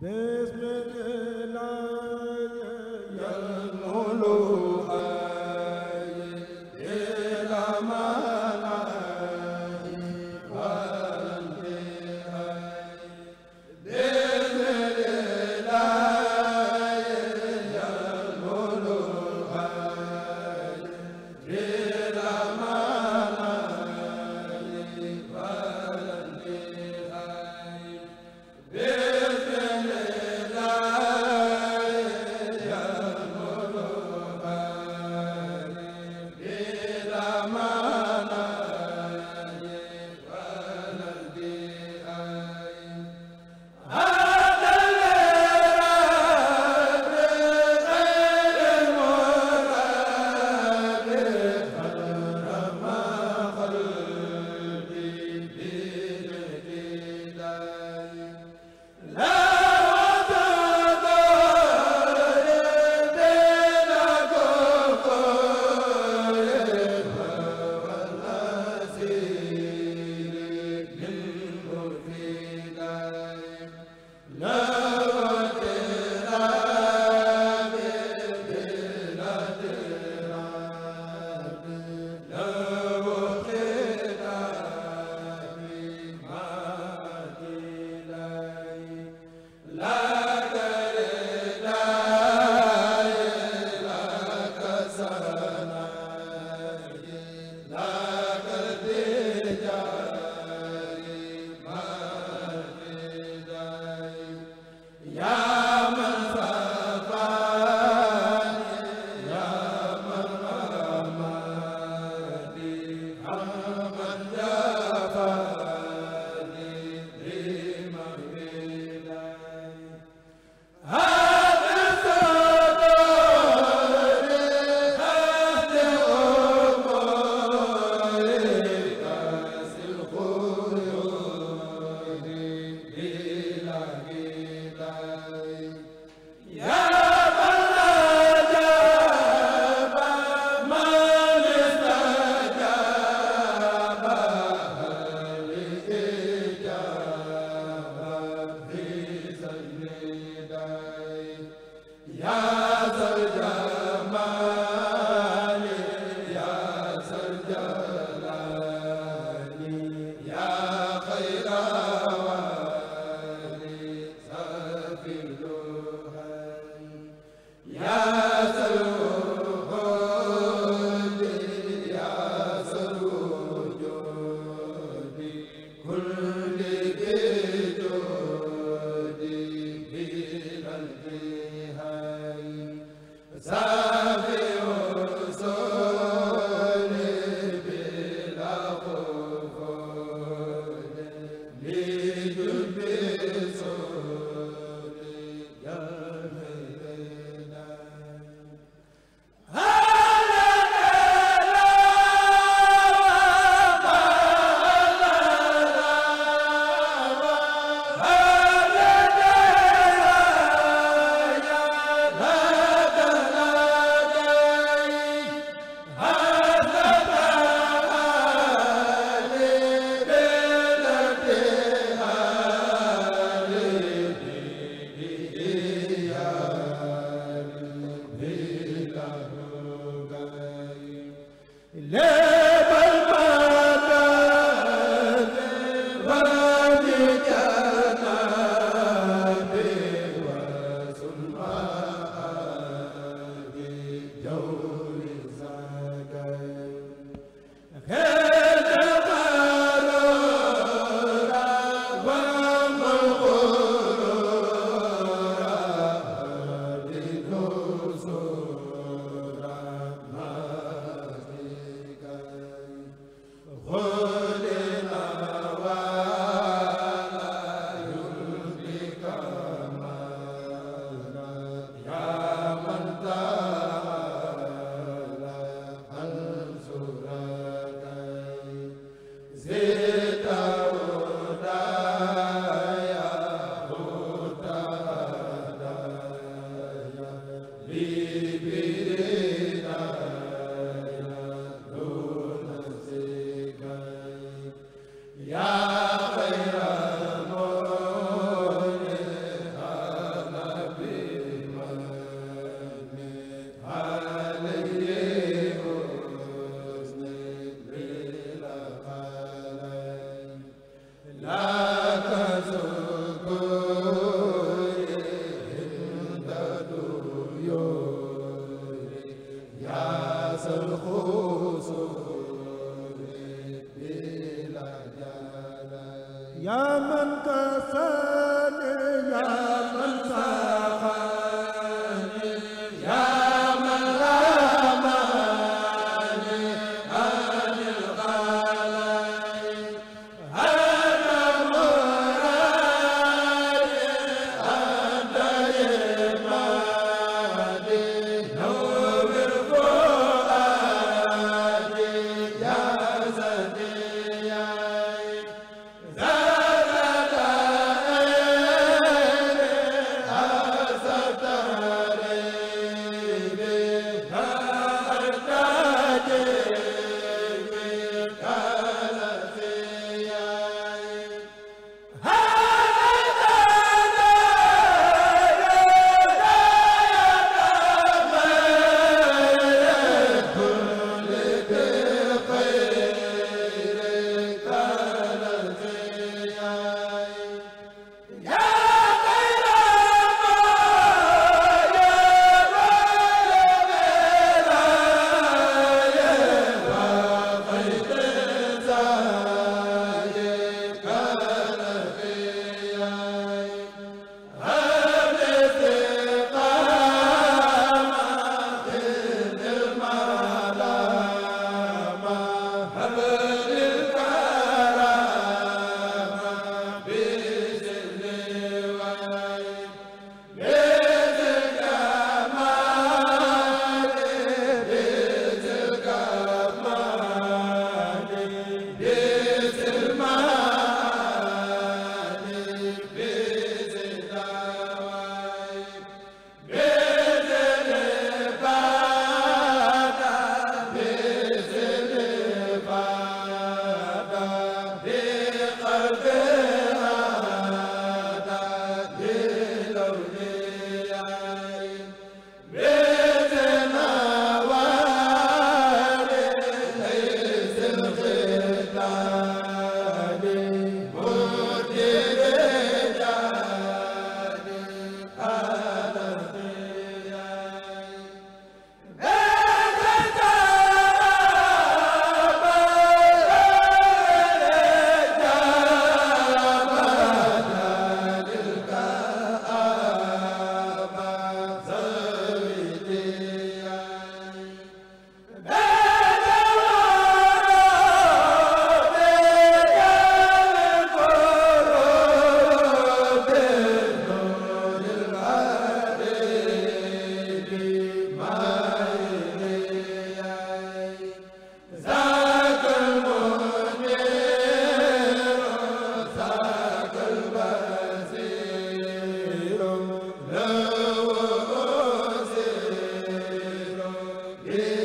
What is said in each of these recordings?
bismillah de Yeah.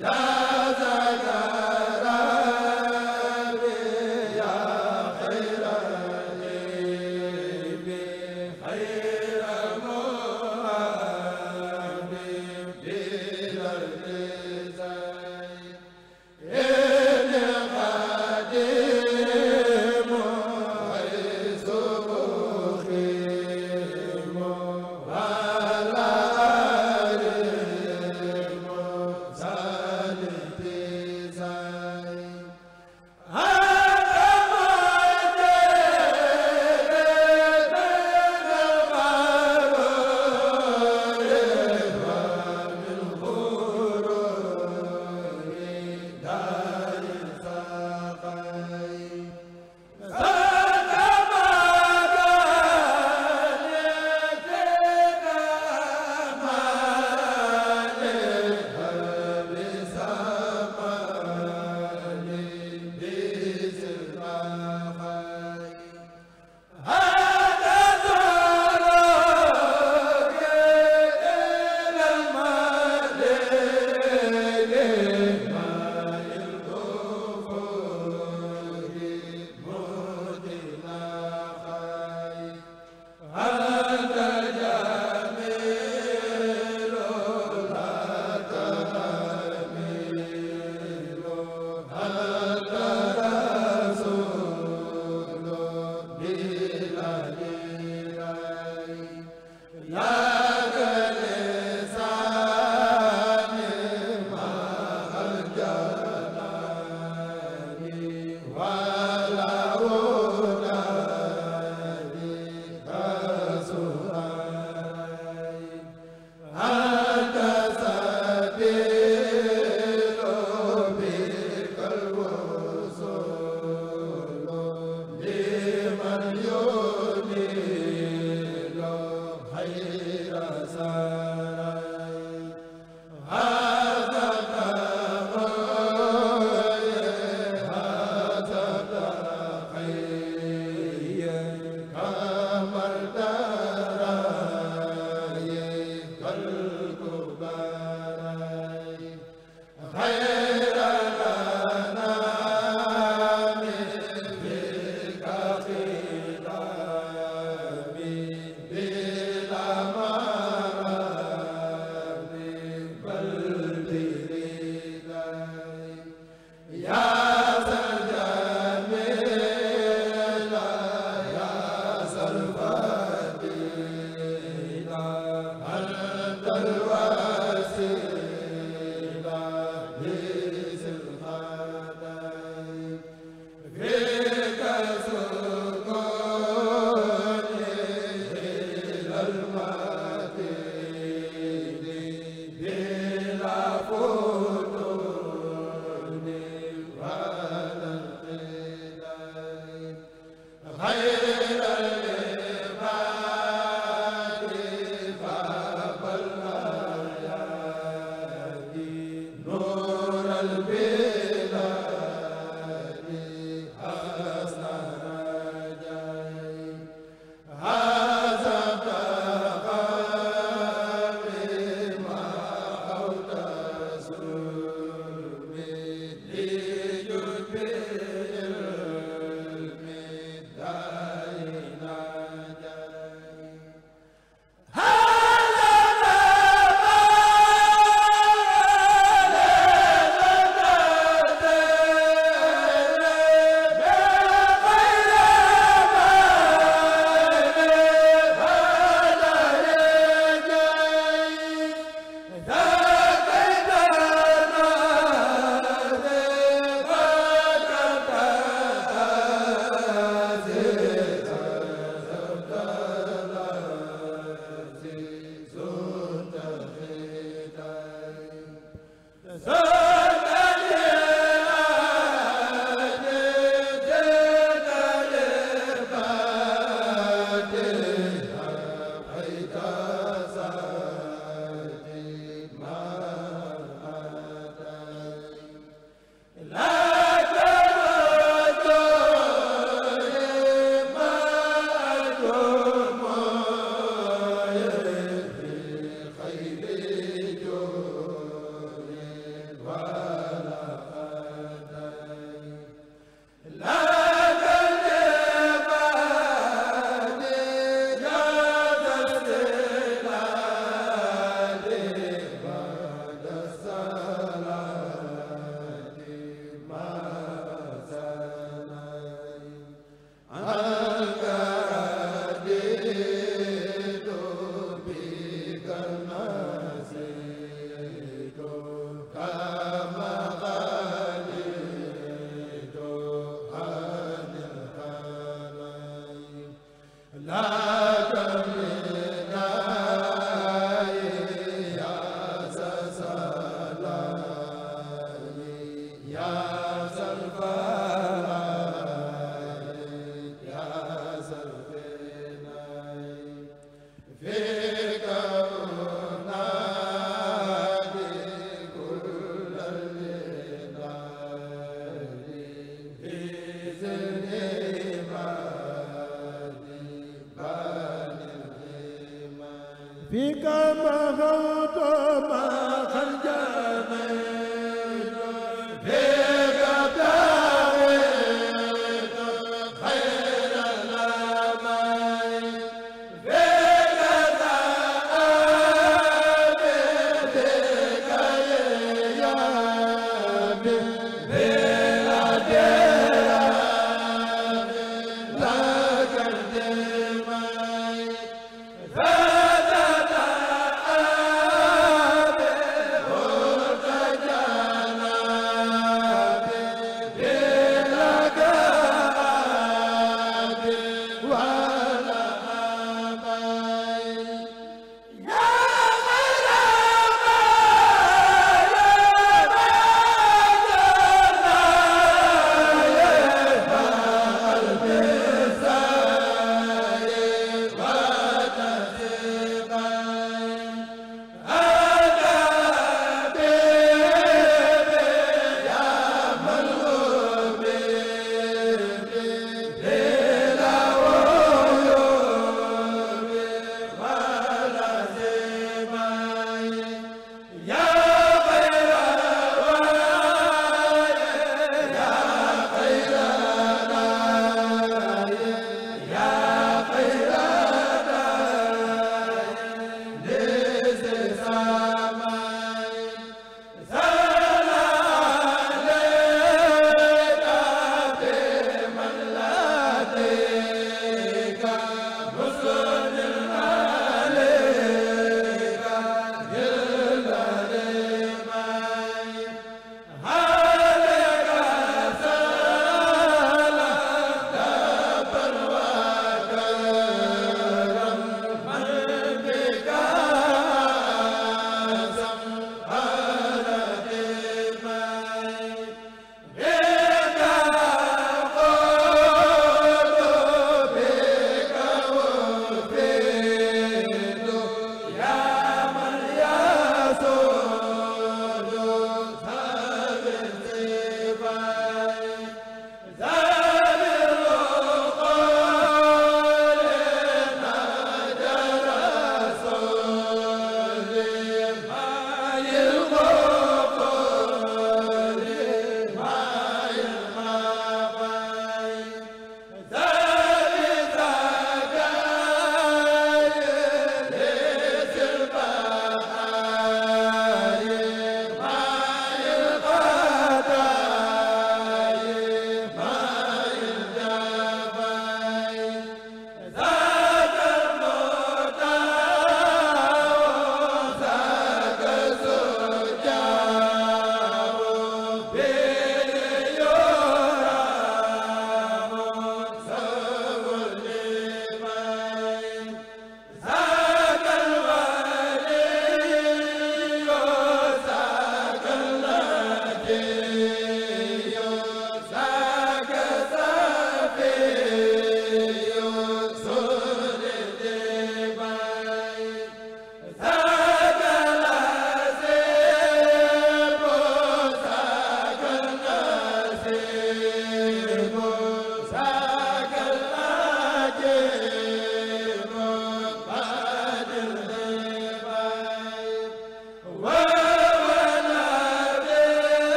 ja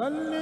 salli